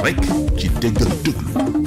rek ci déggal déglu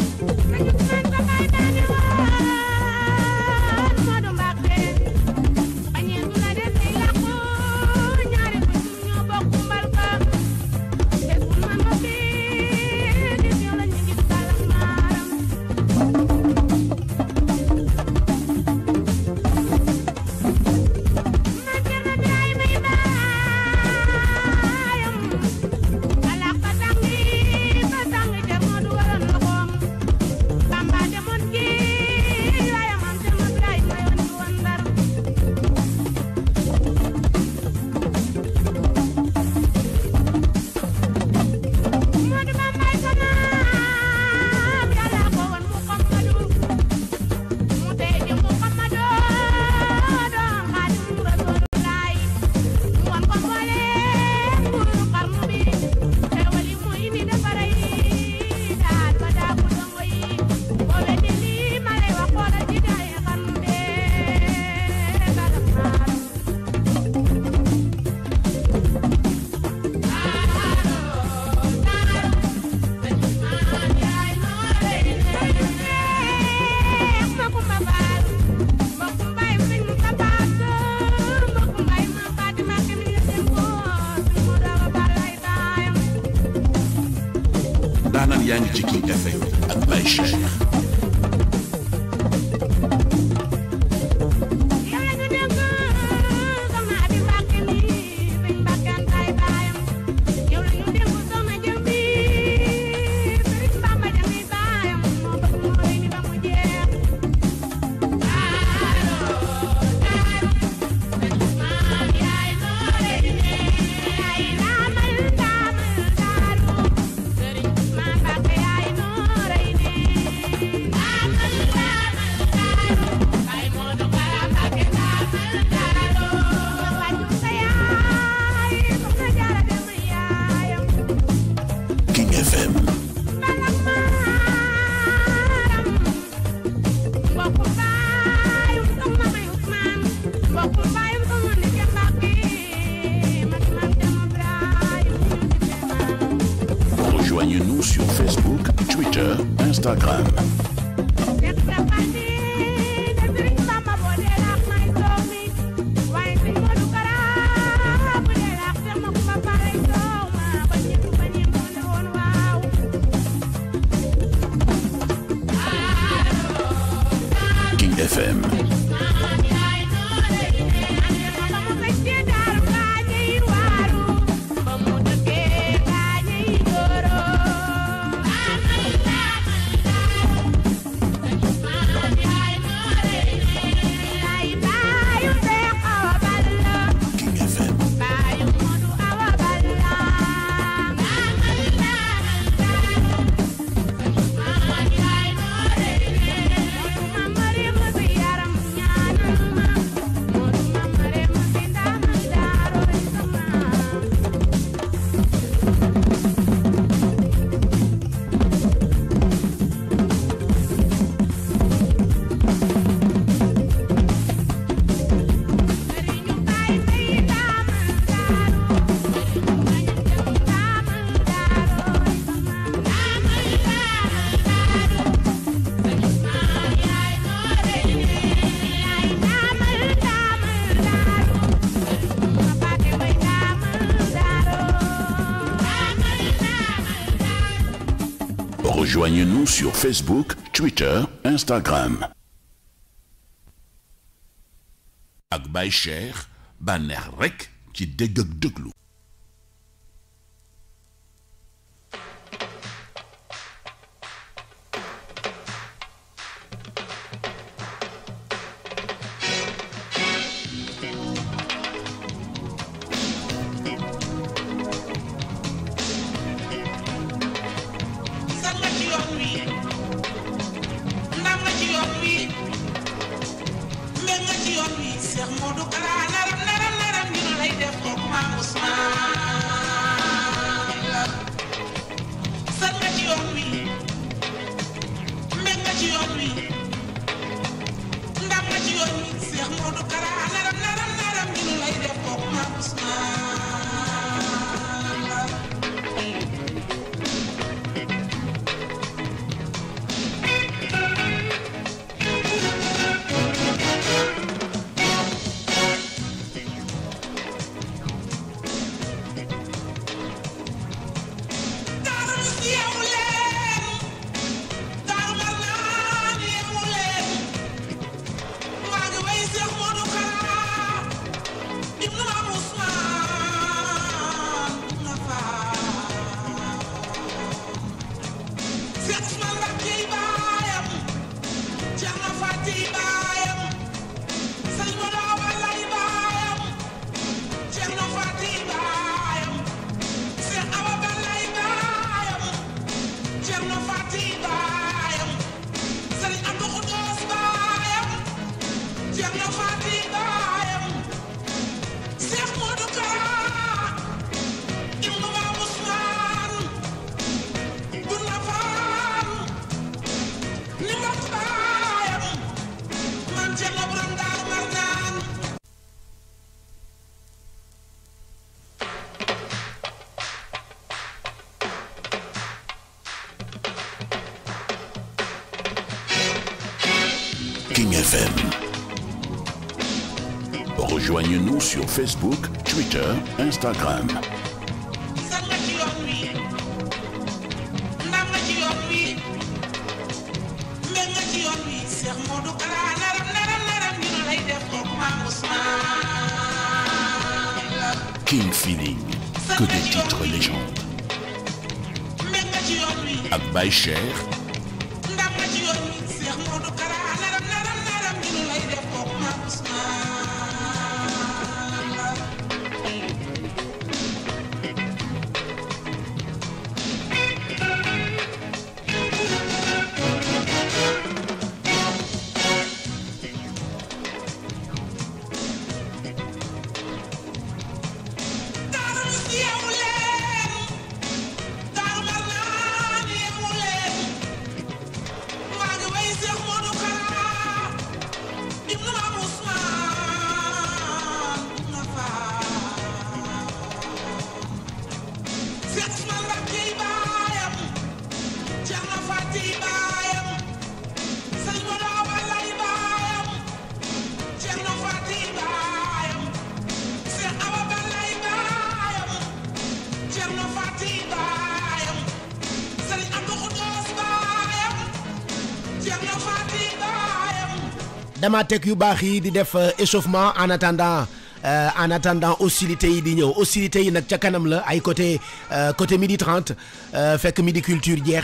Joignez-nous sur Facebook, Twitter, Instagram. ak bay qui bànneex rekk ci Facebook, Twitter, Instagram. King Feeling, que des titres légendes. Abbaï Cher, dama tek yu bax yi di def euh, échauffement en attendant euh, en attendant hostilité yi di ñëw hostilité yi kanam la ay côté euh, côté midi 30 fek midi culture hier.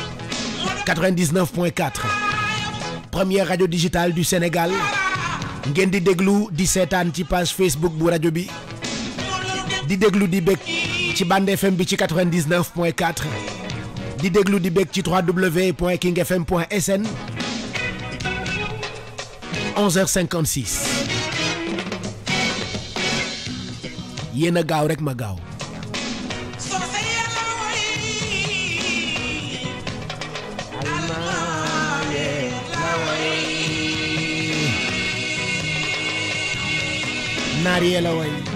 99.4 première radio digitale du Sénégal Nguyen Deglou, 17 ans, petit page Facebook pour Radio bi di di band FM bi 99.4 di déglu di www.kingfm.sn 11h56 Yéna magao. Mariela Wayne.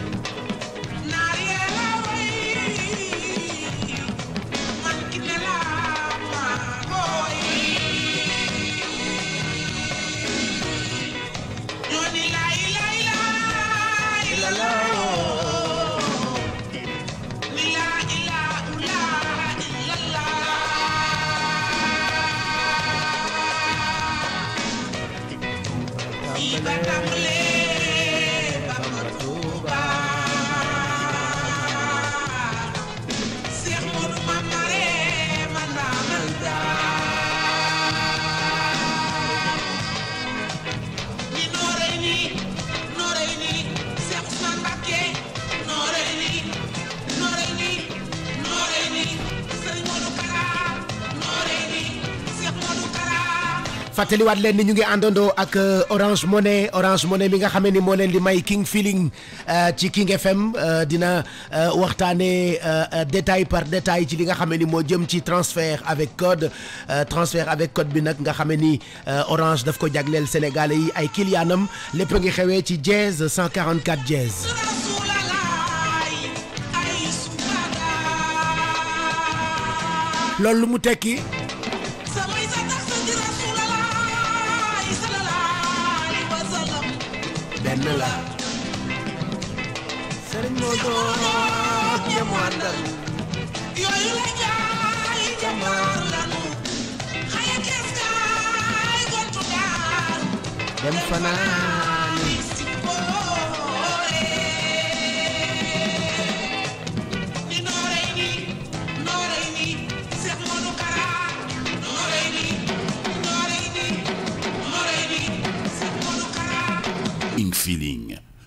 fàttaliwaat leen ni ñu ngi àndandoo ak euh, Orange Money Orange Money mi nga xamee ni moo leen di may King Feeling euh, ci King FM euh, dina waxtaanee détail par détail ci li nga xamee ni moo jëm ci transfert avec code transfert avec code bi nag nga xamee ni Orange daf ko jagleel Sénégalais yi ay kiliyaanam lépp a ngi xewee ci Jazz 144 Jazz. loolu lu mu tekki. lenn la sëriñ Modou ñamu àndal yooyu la jaay jamaar lanu xaya kees kaay gontu daal dem fanaan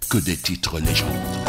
que des titres légendes.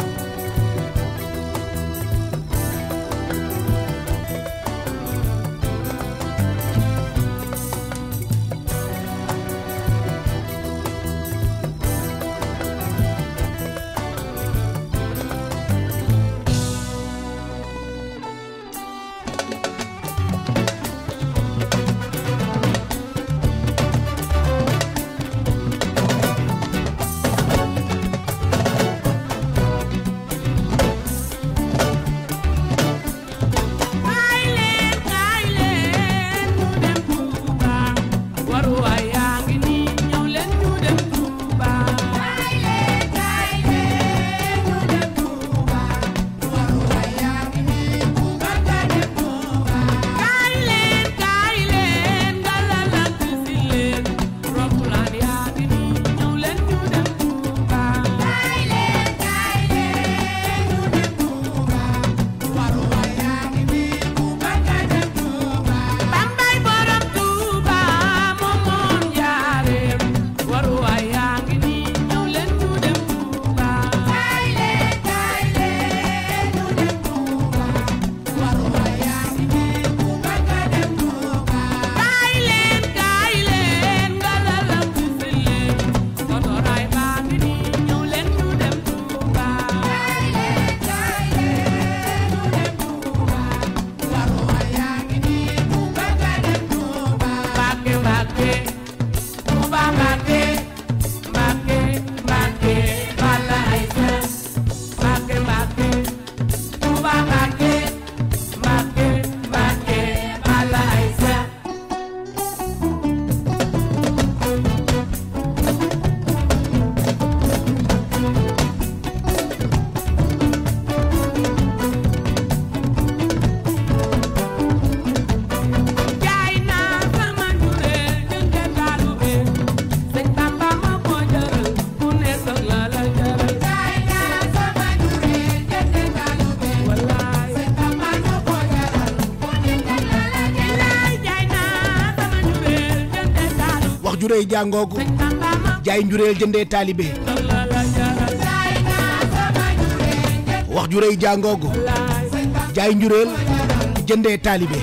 ndey jàngoogu jaay njureel jëndee taalibe wax jurey jàngoogu jaay njureel jëndee taalibe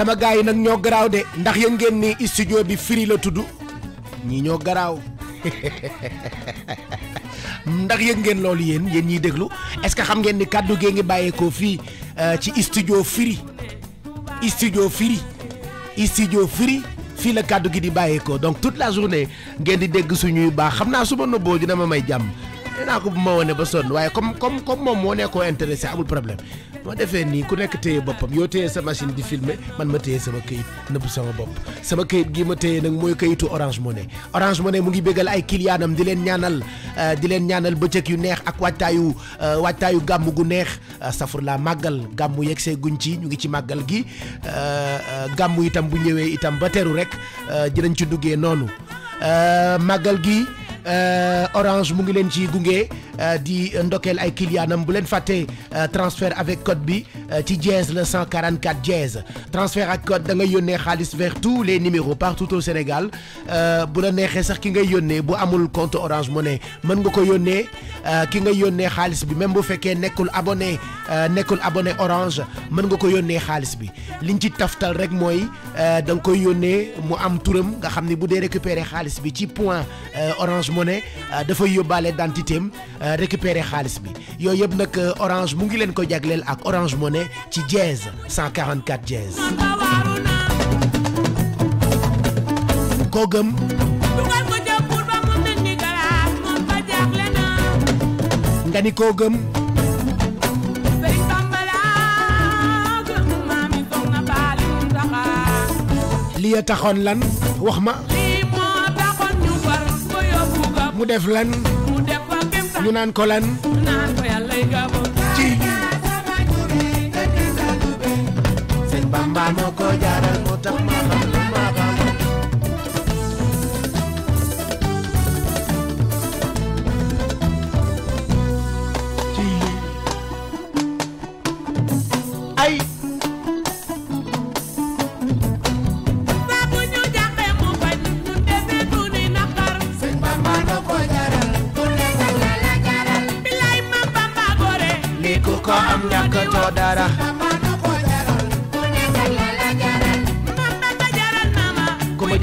sama gars yi nag ñoo garaaw de ndax yëg ngeen ni studio bi firi la tudd ñii ñoo garaaw ndax yëg ngeen loolu yéen yéen ñiy déglu est-ce que xam ngeen ni kàddu gee ngi bàyyeekoo fii euh, ci studio firi studio firi studio firi fii la kàddu gi di bàyyeekoo donc toute la journée ngeen di dégg suñuy baax xam naa suba ma nëbboo dina ma may jàmm. nee naa ko bu ma wane ba sonn waaye comme comme comme moom moo nekkoo intéressé amul problème moo defee nii ku nekk téye boppam yoo téye sa machine di filmer man ma téye sama këyit nëbb sama bopp sama këyit gi ma téye nag mooy këyitu Orange Money Orange Money mu ngi bégal ay kiliyaanam di leen ñaanal euh, di leen ñaanal bëccëg yu neex ak waajtaayu euh, waajtaayu gàmm gu neex safur laa màggal gàmm yegg see guñ ci ñu ngi ci màggal gi euh, gàmm itam bu ñëwee itam ba teru rek dinañ ci duggee noonu màggal gi Euh, Orange mu ngi leen ci a euh, di ndokel ay kiliyaanam bu leen faté euh, transfert avec code bi ci dièse le 144 dièse transfert à code da nga yónnee vers tous les numéros partout au Sénégal bu la nexé sax ki nga bu amul compte Orange Money man nga ko yónnee ki nga yónnee xaalis bi même bu féké nekul abonné nekul abonné Orange man nga ko yónnee xaalis bi liñ ci taftal rek moy da nga koy yónnee mu am touram nga xamni bu récupérer xaalis bi ci point Orange Orange Money euh, dafay yóbbaale dentité am euh, récupérer xaalis bi yooyu yëpp nag euh, Orange mu ngi leen ko jagleel ak Orange monnaie, ci 144 jazz koo gëm. nga ni koo lan wax ma. mu def lan naan ko lan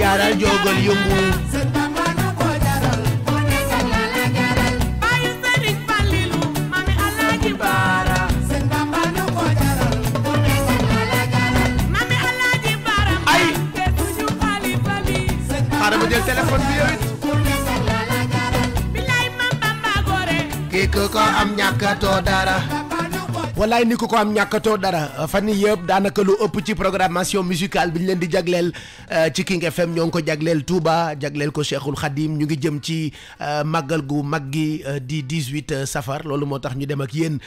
jaaral jógal yëngu téléphone bi yowit ki ko am ñàkkatoo dara Voilà ni ko am ñakato dara fani yeb yëpp lu upp ci programmation musicale di euh, King FM ñong ko jaglel Touba jaglel ko Cheikhul Khadim ñu ngi jëm ci 18 euh, euh, safar lolo motax ñu dem ak yeen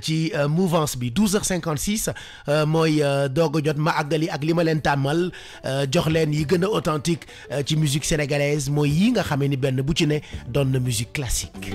ci mouvance bi 12h56 six jot ma agali ak authentique musique sénégalaise moy yi musique classique.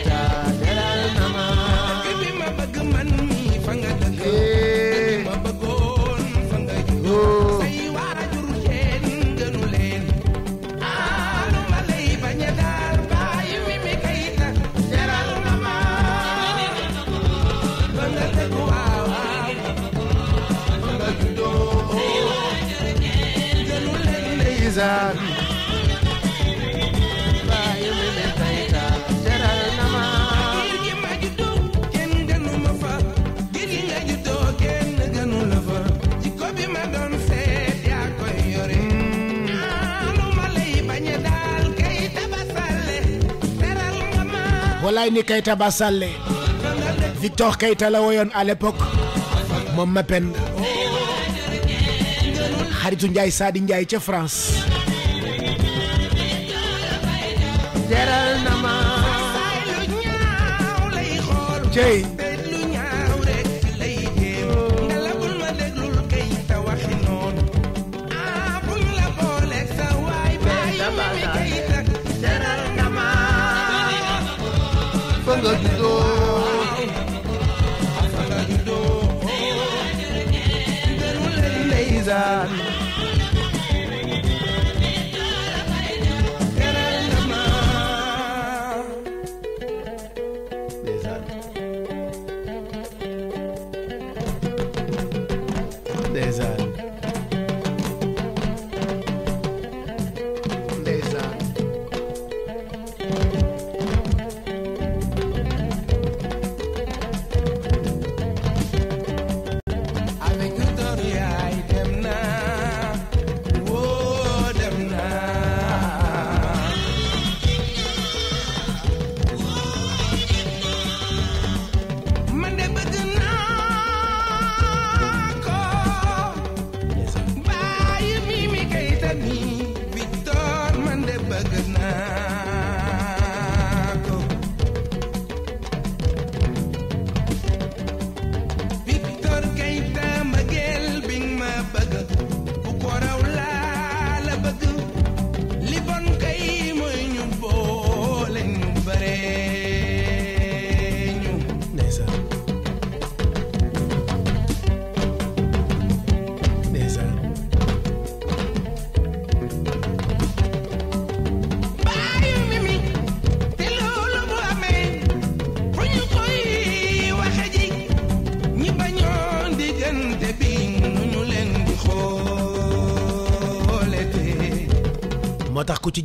ndeysaan bàyyi ma ne taytaan jikko bi ma doon seet yaa koy yore lu ni kay tabasalle Victor Keita la woyoon à moom ma pend xaritu Njaay Saadi Njaay ca France teral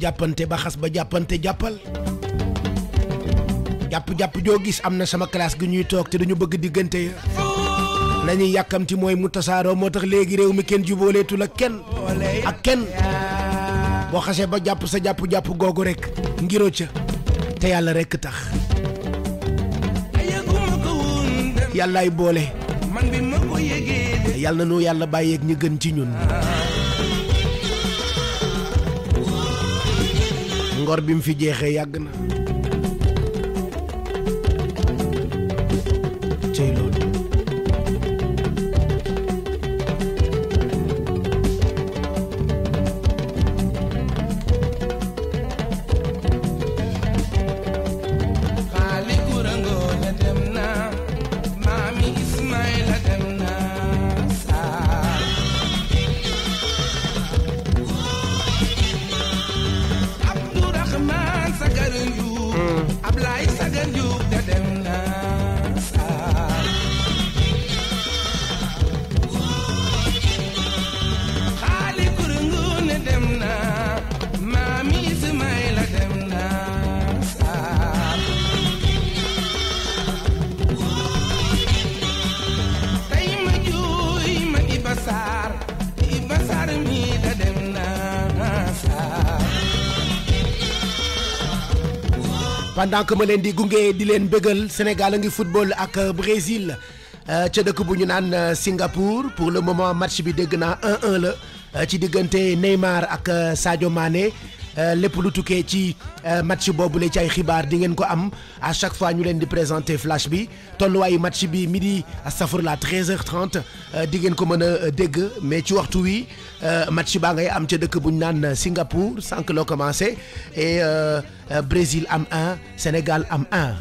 jàppante ba xas ba jàppante jàppal jàpp-jàpp joo gis am na sama classe gi ñuy toog te dañu bëgg diggante ya lañuy yàkkamti mooy mu tasaaroo moo tax léegi réew mi kenn jubóoleetul ak kenn ak kenn boo xasee ba jàpp sa jàpp-jàpp googu rek ngiroo ca te yàlla rekk tax yàllaay boole yàlla na nu yàlla bàyyeeg ñu gën ci ñun ngor bi mu fi jeexee yàgg na pendant ma leen di gunge di leen bëggal Sénégal a ngi football ak Brésil euh, ca dëkk bu ñu naan euh, Singapour pour le moment match bi dégg naa 1-1 la euh, ci diggante Neymar ak Sadio Mané Euh, lépp lu tukkee ci euh, match qui ci ay xibaar ko am à chaque fois ñu leen di présenter flash bi tolluwaayu match bi midi la 13h30 euh, di ngeen ko mën a dégg mais ci waxtu wi match baa ngay am ca dëkk bu ñu naan Singapour sànq commencé et Brésil am 1 Sénégal am 1.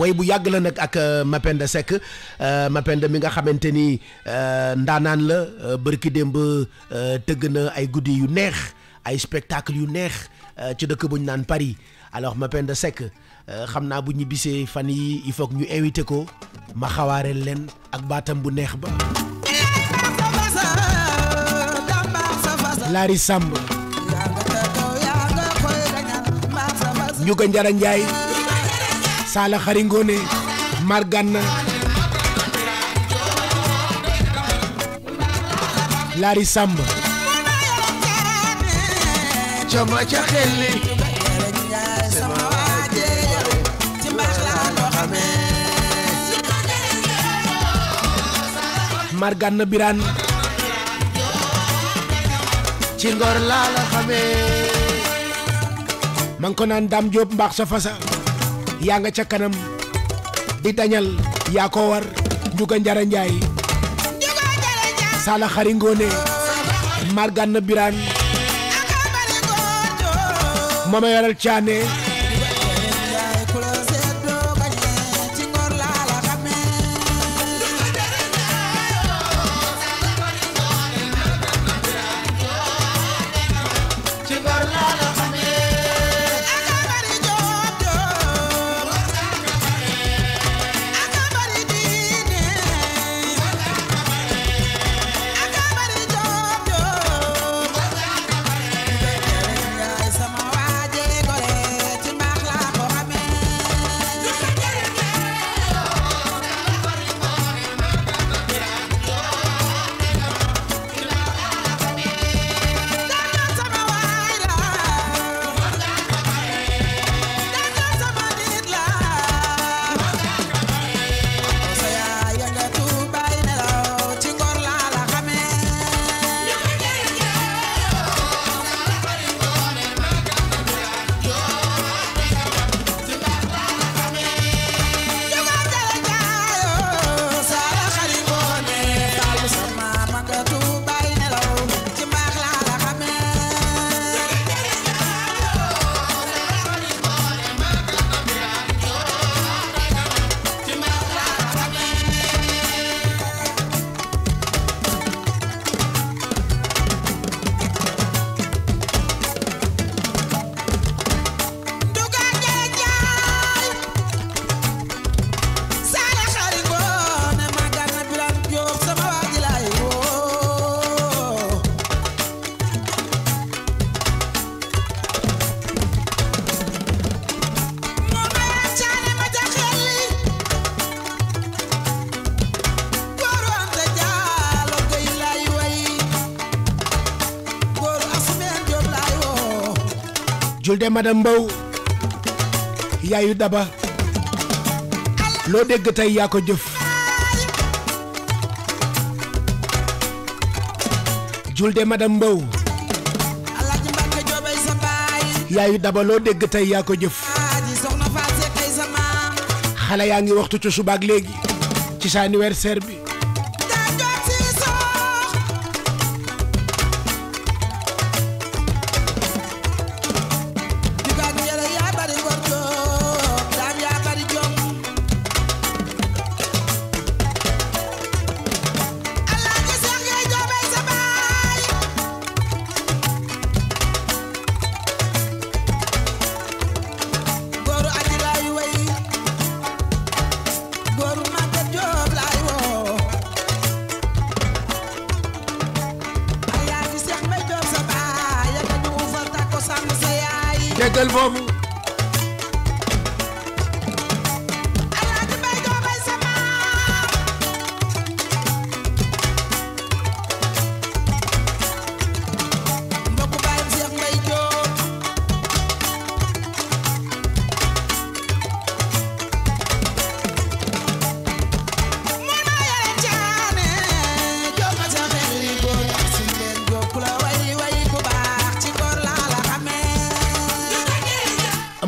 way bu yàgg la nag ak euh, Mapenda Seck euh, Mapenda mi nga xamante ni euh, ndaanaan la bërki démb tëgg na ay guddi yu neex ay spectacle yu neex ci dëkk bu naan Paris alors Mapenda Seck xam naa bu ñibbisee fan yi il faut ñu invité ko ma xawaareel leen ak baatam bu neex ba Lari Samb Ndiouga Njara Ndiaye sala xari ngoone margana lari samba jama ca xamee man ko naan Dame Diop mbaax sa fasa yaa nga ca kanam di dañal yaa ko war njuga njara njaay xari ngoone margan na biraan mooma yoral caane julde madame Mbow yaayu daba loo dégg tey yaa ko jëf julde Mbow yaayu daba dégg tey yaa ko xale yaa ngi waxtu ci suba ak léegi ci sa anniversaire bi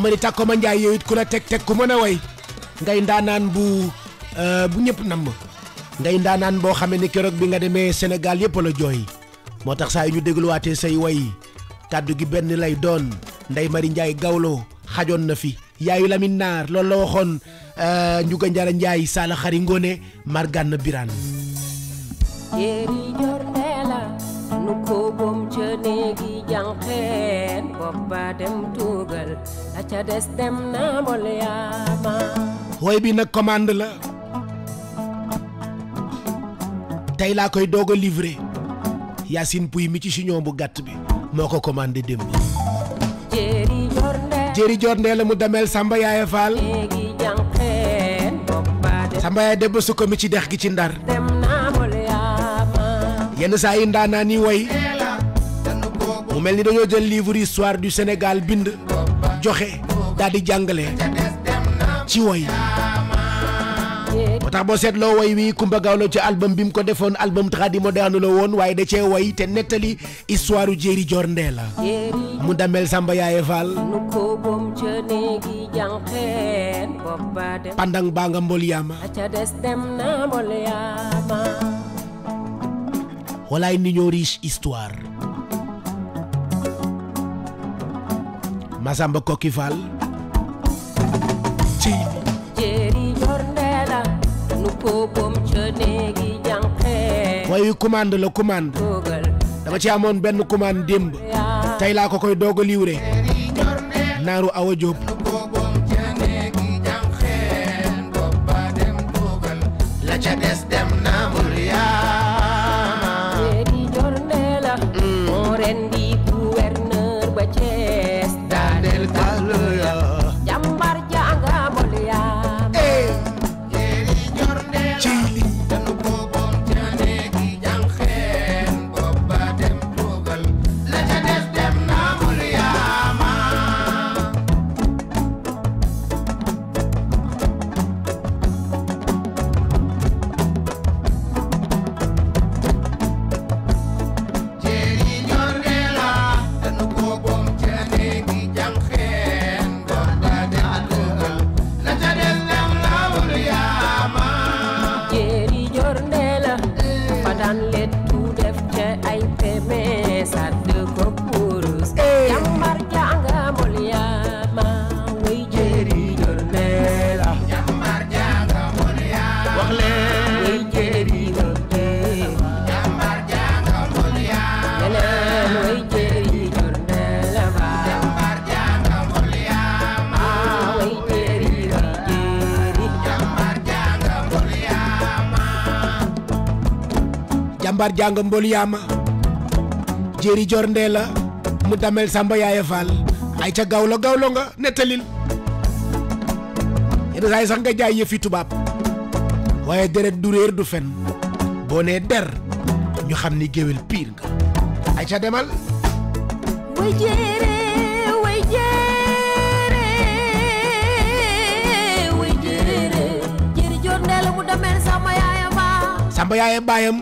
amari takko ma nday yoyit kula tek tek ku meuna way ngay ndanan bu euh bu ñepp nam ngay ndanan bo xamé ni keroog bi nga démé Sénégal yépp la joy motax tax ñu yu ñu dégluwaatee say way kaddu gi benn lay doon nday mari nday gawlo xajon na fi yaayu lamine nar lool la waxon waxoon eh, njuga njara nday sala xari ngone margane biran yeri jortela nu ko bom ci néegi jànqeen bop ba dem tuugal ca des woy bi nag commande la tey laa koy doog a livré Yacine mi ci chignon bu gàtt bi moo ko commandé démb jëri jor ndee la mu demeel Samba Yaaya Fall Samba Yaaya debba sukka mi ci dex gi ci ndar yenn saa yi yi woy mu mel ni dañoo jël livre histoire du Sénégal bind joxe dal di jàngale ci woy moo bo set lo way wi Kumba Gawlo ci album bim ko defone album tradi moderne lo won waye da ci way te netali histoire jeri jéeri mu damel Samba yaye Fall pandang baa nga mbol yama wala ni ñoo riche histoire Masamba Kokki Fall ci jeeri yorndeela commande la commande dama ci amoon benn commande démb tey laa ko koy doog a livré naaru Awa Diop jàmbaar jàng mbol yaama jéeri jor ndee la mu damel samba yaaya faal ay ca gawlo gawlo nga nettalil yenn saa yi sax nga jaay yëfi tubaab waaye deret du réer du fen boo nee der ñu xam ni géwél piir nga ay ca demal way jéere way jéere jéeri jor ndee la mu damel samba yaaya faal samba yaaya baayam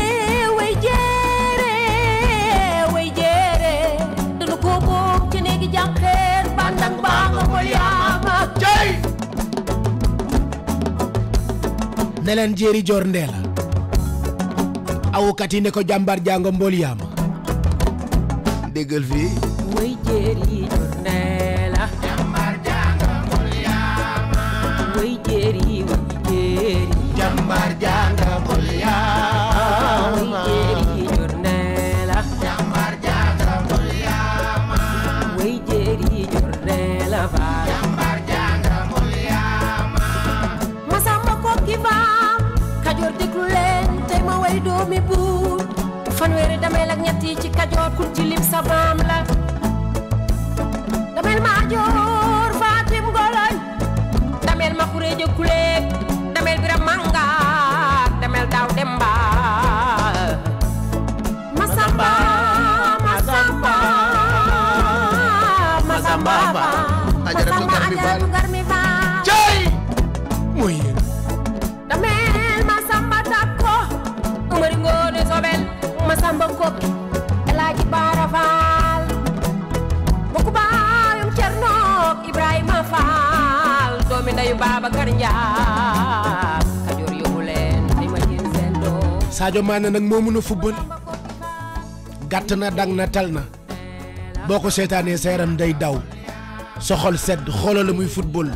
ne leen joor ndee la awukat yi ne ko jàmbar jàngo mbool yaama yi ci kajoor kun ci ndeyu Babacar nag moo mën a football gàtt na dang na tal na boo ko seetaanee sa yaram day daw soxol sedd xoolal la muy football.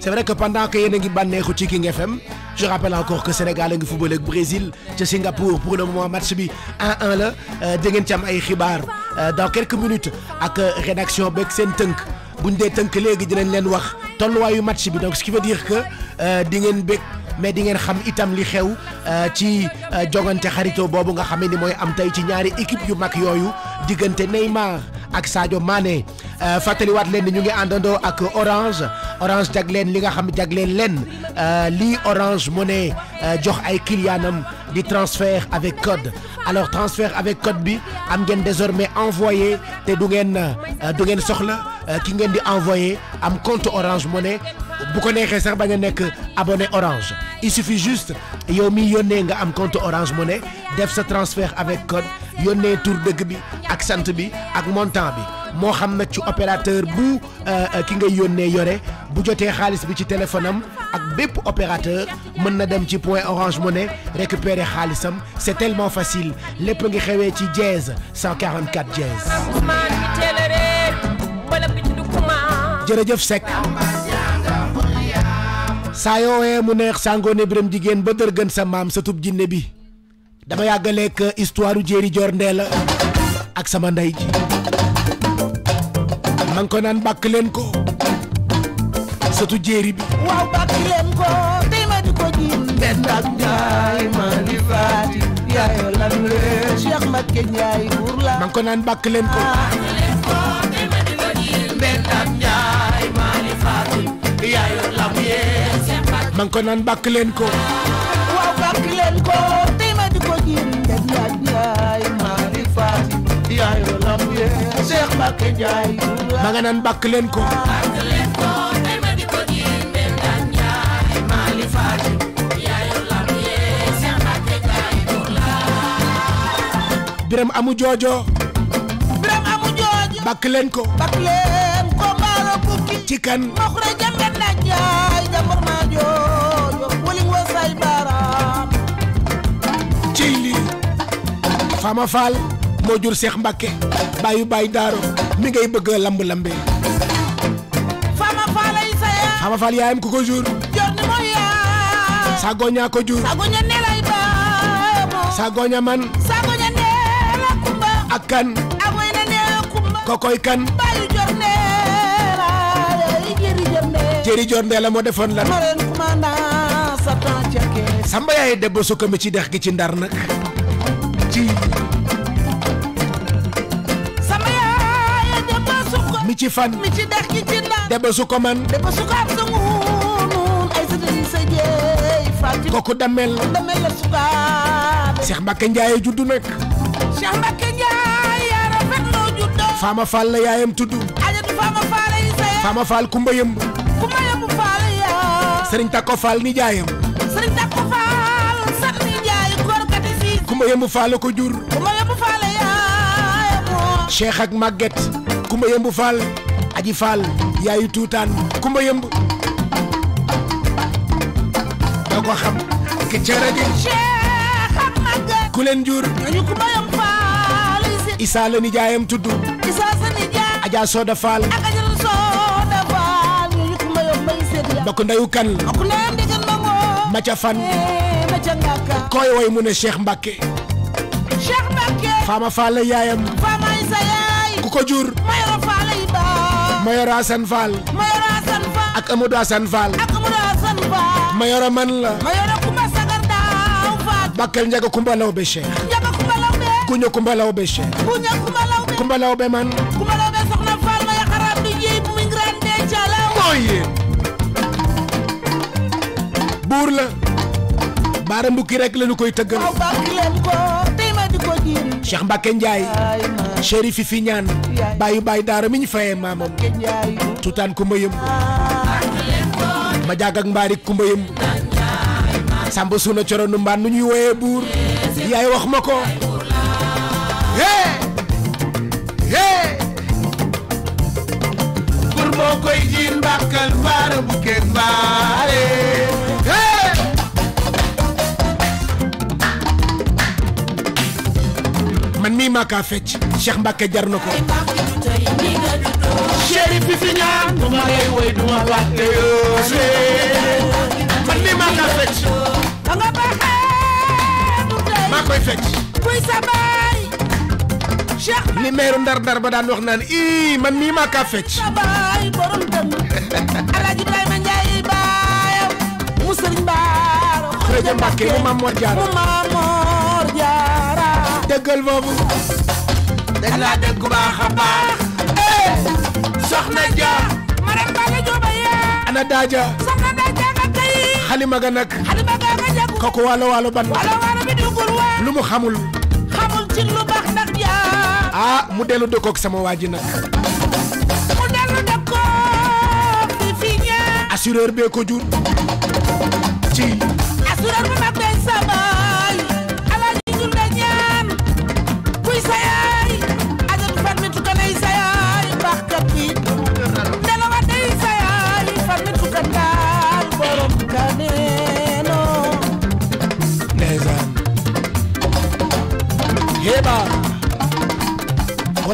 c'est vrai que pendant que yéen a ngi bànneexu ci King FM je rappelle encore que Sénégal a ngi football ak Brésil ca Singapour pour le moment match bi 1-1 la euh, di ngeen ci am ay xibaar euh, dan quelques minutes ak euh, rédaction beeg seen tënk buñ dee tënk léegi dinañ leen wax. tolluwaayu match bi donc ce qui veut dire que euh, di ngeen bég mais di ngeen xam itam li xew euh, ci euh, jogante xarito boobu nga xamee ni mooy am tey ci ñaari équipe yu mag yooyu diggante Neymar ak Sadio Mané fàttaliwaat leen ni ñu ngi àndandoo ak Orange Orange jagleen li nga xam jagleen leen lii Orange mu ne jox ay kiliyaanam di transfert avec code alors transfert avec code bi am ngeen désormais envoyé te du ngeen du ngeen soxla. Euh, ki ngeen di envoyé am compte Orange Money bu ko neexee sax bañ abonné Orange il suffit juste de mi yónnee nga am compte Orange Money def se transfert avec code yónnee tur dëgg bi ak sant bi ak montant bi moo xam ci opérateur bu euh, ki nga yónnee yore bu joté xaalis bi ci téléphone am ak bép opérateur mën na dem ci point Orange Money récupérer xaalisam c'est tellement facile lépp ngi xewé ci jazz 144 jazz jërëjëf Seck saa yoowee mu neex sangone birem jigéen ba dër gën sa mam sa tub jinne bi dama yàggaleek euh, histoire u jéeri joor ndee ak sama nday ji man ko nan bak len ko sa tu jeri bi waw bak len ko tey ma di ko di ben ak njaay ma di faati yaayoo lan Cheikh ke nyaay pour la man ko nan bak len ko ah. yaa yor la mu yee ma ngi ko naan bàkk leen ko waaw bàkk leen ko tey ma di ko jiin def yaay yaay maa di faati yaa yor la mu yee Cheikh Mbacke Ndiaye ma nga naan bàkk leen ko bàkk leen ko tey ma di ko jiin def yaay yaay maa di faati yaa yor la mu yee Cheikh Mbacke Ndiaye pour la Biram amu joojo Biram amu joojo bàkk leen ko bàkk leen chicken. Chili. fama fal mo jur cheikh mbake, bayu bay daro mi ngay beug lamb lambe fama fal ay saya fama fal yaayam ko ko jur jorni mo ya sagonya ko jur sagonya ne lay ba sagonya man sagonya ne la kumba akan amoy na ne kumba kokoy kan ba Thierry Dior Ndella moo defoon lan Samba yaay debbo sukka mi ci dex gi ci ndar nag ci Samba yaay debbo sukka mi ci fan mi ci dex gi ci ndar debbo sukka man debbo sukka sa nguun ay sa dëni sa jeey fàtti kooku damel damel la sukka Cheikh Mbacke Ndiaye juddu nag Cheikh Mbacke Ndiaye yaa rafet loo juddu Fama Fall la yaayam tuddu Ajatu Fama Fall kumba yëmb sëriñ Tako Fall ni jaayam sëriñ Tako Fall sat ni jaay góor gati si Kumba Yembu Fall ko jur Kumba Yembu Fall ya Cheikh ak Maguette Kumba Yembu Fall Aji Fall yaayu tuutaan Kumba Yembu da ko xam ki cere Cheikh ak maget jur ñu Yembu ni jaayam sa ni jaay Aja Soda Fall mbokk ndeyu kan maca fan eh, koy woy mu ne Cheikh Mbacke faama faal la yaayam ku ko jur mayora Assane Fall ak Amadou Assane Fall mayora man la bakel njaga kumbalaw be Cheikh kuñu kumbalaw be Cheikh kumbalaw be man buur la baara mbukki rek lañu koy tëggal Cheikh Mbacke Ndiaye Chérif Fifi Niane baayu baay mi ñu fayee maamam tutaan kumba yëm ma jaag ak mbaari kumba yëm suuna coronu mbaan nu ñuy woyee buur yaay wax ma ko hee hee buur moo koy jiin mbàkkal mbaara bu mbaare man mi maka fecc cheikh mbacke jar nako chéri bi fi ñaan duma lay way batte yo man mi maka fecc da nga baxé ma koy fecc kuy sa bay cheikh ni meru ndar dar ba daan wax naan i man mi maka fecc sa bay borom dem dëggal boobu dañ baax a baax soxna ja maram bala jooba yee ana daaja soxna daaja nga kay xalima ga nag xalima ga nga jag kooku waalo waalo waalo waalo bi dugul waa lu mu xamul xamul ci lu baax nag yaa ah mu dellu dëkkoog sama waa mu dellu dëkkoog di fi ñaa assureur bee ko jur ci assureur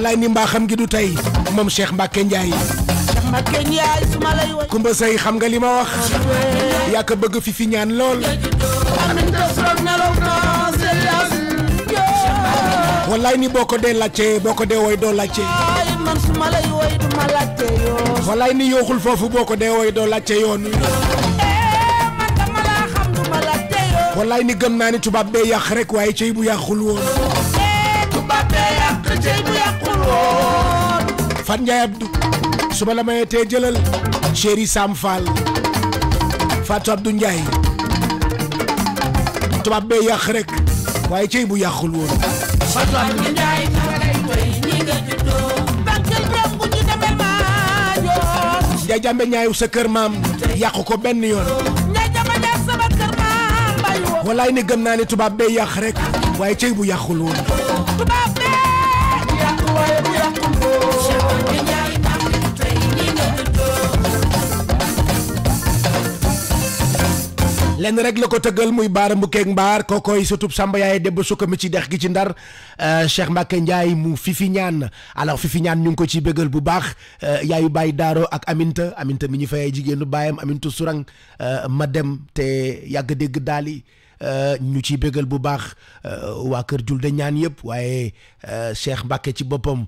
walaay ni mbaa xam ngi du tey moom Cheikh Mbacke Ndiaye. Kumba Sey xam nga li ma wax. yaa bëgg fi fi ñaan lool. walaay ni boo ko dee laajte boo ko dee woy doo laajte. walaay ni yooxul foofu boo ko dee woy doo laajte yoon eh, walaay ni gën naa ni tubaab bee yàq rek waaye cey bu yàqul woon. Fat Ndiaye Abdou su ma la mayee tee jëlal chéri Sam Fall Fatou Abdou Ndiaye tubaab bee yàq rek waaye cey bu yàqul woon Fatou Abdou Ndiaye Njaay Jambe ñaayu sa kër maam yàq ko benn yoon walaay ni gëm naa ni tubaab bee yàq rek waaye cey bu yàqul woon lenn rek la ko tëggal muy baara mbukkeeg mbaar kookoy sutub samba yaay debb sukka mi ci dex gi ci ndar euh, Cheikh Mbacke Ndiaye mu fifi ñaan alors fifi ñaan ñu ngi ko ci bégal bu baax euh, yaayu bàyyi daaro ak aminta aminta mi ñu fayee jigéenu baayam aminta surang euh, ma dem te yàgg dégg daali ñu ciy bégal bu baax waa kër julde ñaan yëpp waaye Cheikh Mbacke ci boppam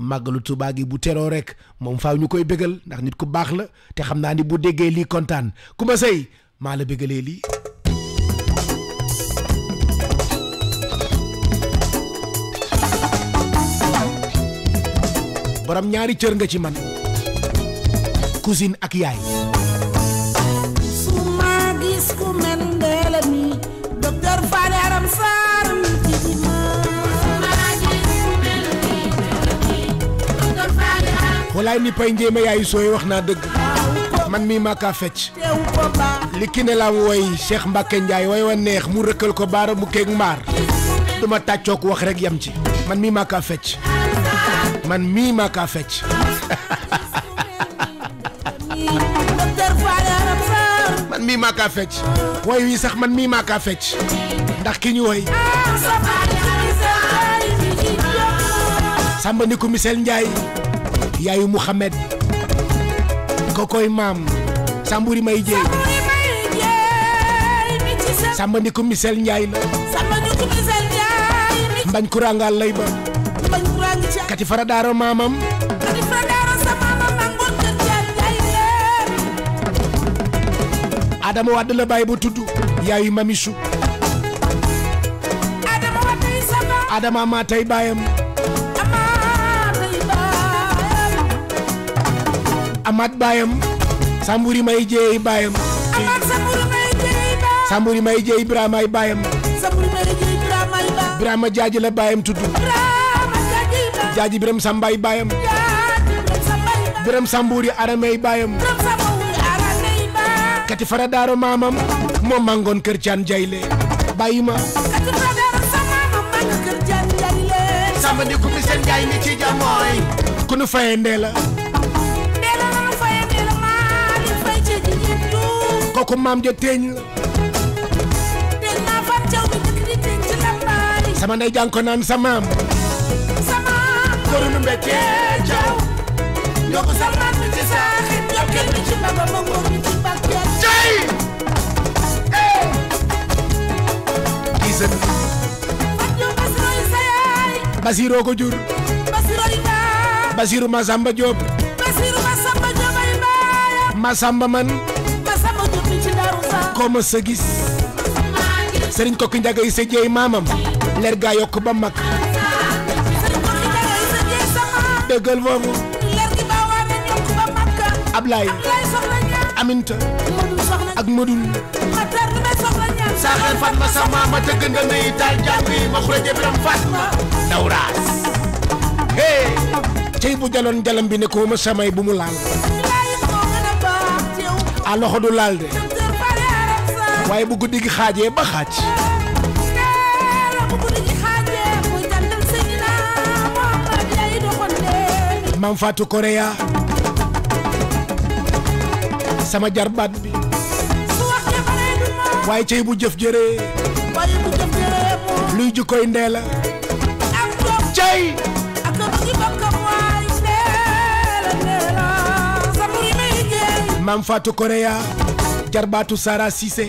màggalu Tuubaa gi bu teroo rek moom faaw ñu koy bégal ndax nit ku baax la te xam naa ni bu déggee lii kontaan ku ma sëy Malabigaleli. borom ñaari cër nga ci man cousine ak yaay su ma gis ku mel ndeela mi docteur Fane Aram Sarr mi ci ma walaay ni pay njéema yaay sooy wax naa dëgg man mii maa kaa fecc li woy Cheikh Mbacke Ndiaye way wa neex mu rëkkal ko baara mu keeg mbaar duma tàccook wax rek yam ci man mii maa kaa fecc man mii maa kaa fecc woy wi sax man mii maa fecc ndax ki ñu woy Samba Ndiku Michel Ndiaye yaayu Mouhamed kokoy maam samburi may jéey samba ndiku misel njaay la mbañ kurangal lay ba kati fara daaro maamam adama wadd la baay bu tudd yaayu mamisu adama ma tay baayam Amath baayam Sambouri may jeey baayam Sambouri may jeey Ibrahima ay baayam Ibrahima jaaji la baayam tudd jaaji Birame Samba baayam Birame Sambouri arame baayam kati fara maamam moom mangoon kër caan jayle bàyyi ma samba seen jaay ni ci jamooy ku nu fayee ndee la kooku maam ja teeñ la sama ndey jàng ko naan sa maam korunu mbekke jaw ñoo ko sa maam ci saaxit ñoo kenn ci baba ma ngóor mi ci bakke jay eh gisen Basiroo ko jur Basiru Masamba Diop Basiru Masamba Diop ay baaya Masamba man koo ma sa gis sëriñ kokki njaga yi sa jeey maamam leer gaa yokk ba mag dëggal foofu Ablaye Aminta ak Modou saaxal Fatma sa maama tëgg na nuy taal jàng yi ma xure jëbiram Fatma dawraas hey cey bu jaloon jalam bi ne ko ma samay bu mu laal a ah, du laal de waaye bu guddi gi xaajee ba xaaj maam Fatou Korea sama jarbaat bi waaye cey bu jëf jëree luy jikkoy ndee la cey maam Fatou Korea jarbaatu Sara Cissé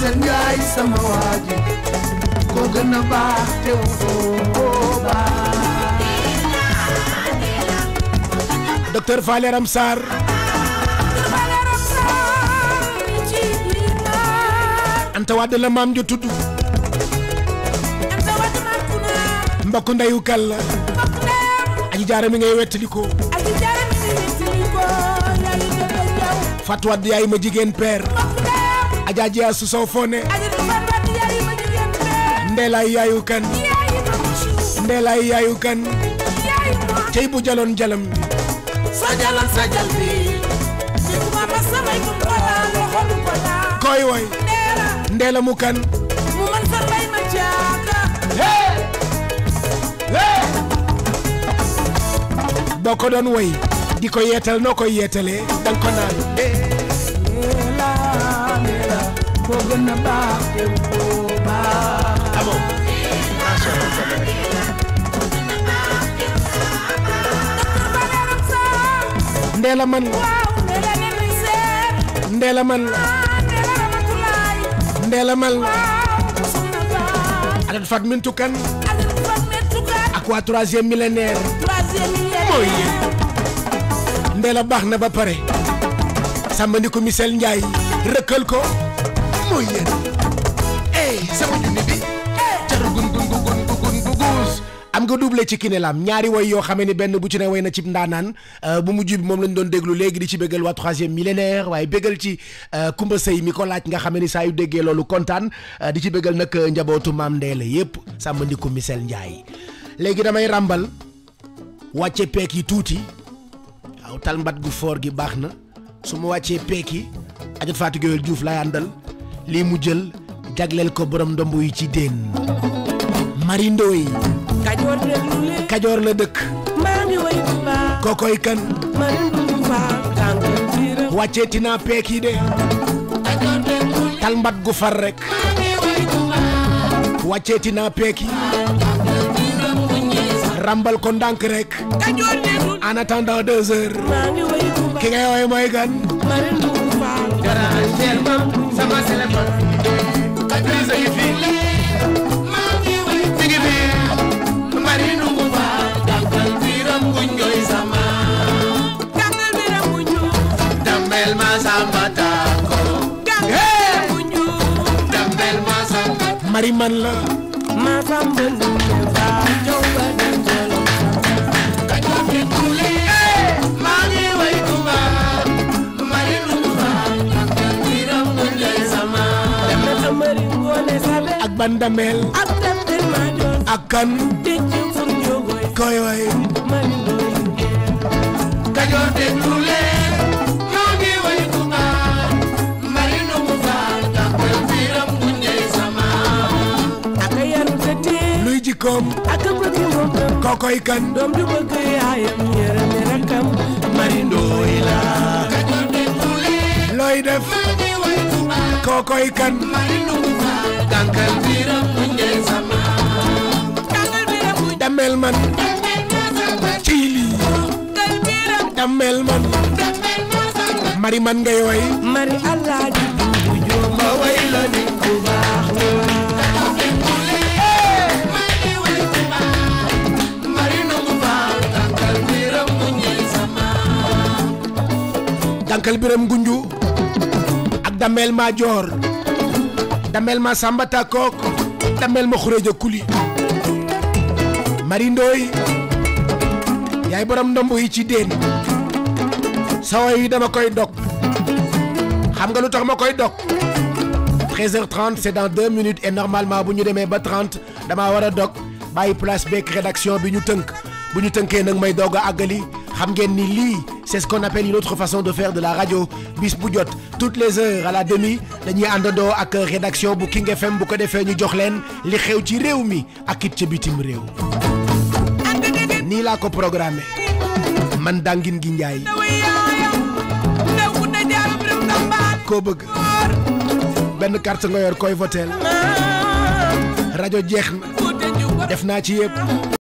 Assane Ndiaye sama waa ji ko gën a baax te woo baax. docteur Fallé Ramsar. Anta Wade la maam ju tudd. mbokk ndeyu kal la. aji jaara mi ngay wettali ko. Fatou Wade yaay ma jigéen père. jaji a susoo fone ndeela yaayu kan ndeela yaayu kan cey bu jaloon jalam bi soo jalam sa jal bi koy woy ndeela kan mu man sa lay ma jaaka hee hee boo ko doon woy di ko yeetal noo koy yeetalee danga ko naan gën a baax te mu baax. amoo. macha allah. Ndéla man la. Ndéla man la. Ndéla man la. Adat Mintu Kan. ak waa troisième millénaire. mooy yéen. Ndéla baax na ba pare. sàmm ni ko Michel Ndiaye rëkkal ko. mooy yéen ey sama junni bi car gun gun gun gun am nga doublé ci Kinélam ñaari woy yoo xamee ni benn bu ci ne woy na cib ndaanaan euh, bu mu bi moom lañ doon déglu léegi di ci béggal waa troisième millénaire waaye bëggal ci Kumba euh, Sëy mi ko laaj nga xamee ni saa yu déggee loolu kontaan euh, di ci béggal nag njabootu maam Ndéele yépp sàmm ndiku Misel Njaay léegi damay ràmbal wàcce peek yi tuuti waaw talmbat gu foor gi baax na su ma wàccee peek yi ajot li mu jël jaglel ko borom ndombu yi ci den mari ndoy kajoor la dëkk kokoy kan wacce tina peek yi de talmbat gu far rek wacce tina peek yi rambal ko ndank rek en attendant 2 heures ki ngay way moy gan sama téléphone. Idrissa ngi fi. mi ngi fi. Marie Ndoumbu Fall. Damel biiram bu ñooy sama. Damel biiram bu ñooy. Damel ma samba taako. Damel ma samba. Marie man la. ma samba bandamel akan koyoy kajoor déglu leen ñoo ngi way ku ngaan mari nu mu faal tàppal biiram bu ñëy sama ak yaru tëddi luy jikkoom ak bëgg mbokkam kokoy kan doom du bëgg yaayam yërëm rakam mari ndooy la looy def kookoy kan dangal biram mu njëy sama damel man ci lii damel man mari man ngay way mari allah di bu jooma way la ni ku baax dankal biram gunju dameel ma joor dameel ma samba takook dameel ma xureeja kuli mari ndooy yaay borom ndomb yi ci déen sawa yi dama koy dog xam nga lu tax ma koy dog 13h30 c'est dans 2 minutes et normalement bu ñu demee ba 30 damaa war a dog bàyyi place beeg rédaction bi ñu tënk bu ñu tënkee nag may doog a àggali xam ngeen ni lii c'est ce qu'on appelle une autre façon de faire de la radio bis Boudiot, toutes les heures à la demi dañuy àndandoo ak rédaction bu King FM bu ko defee ñu jox leen li xew ci réew mi ak it ca bitim réew. Ni la ko programmé man dangin gi carte nga koy votel Radio Defna ci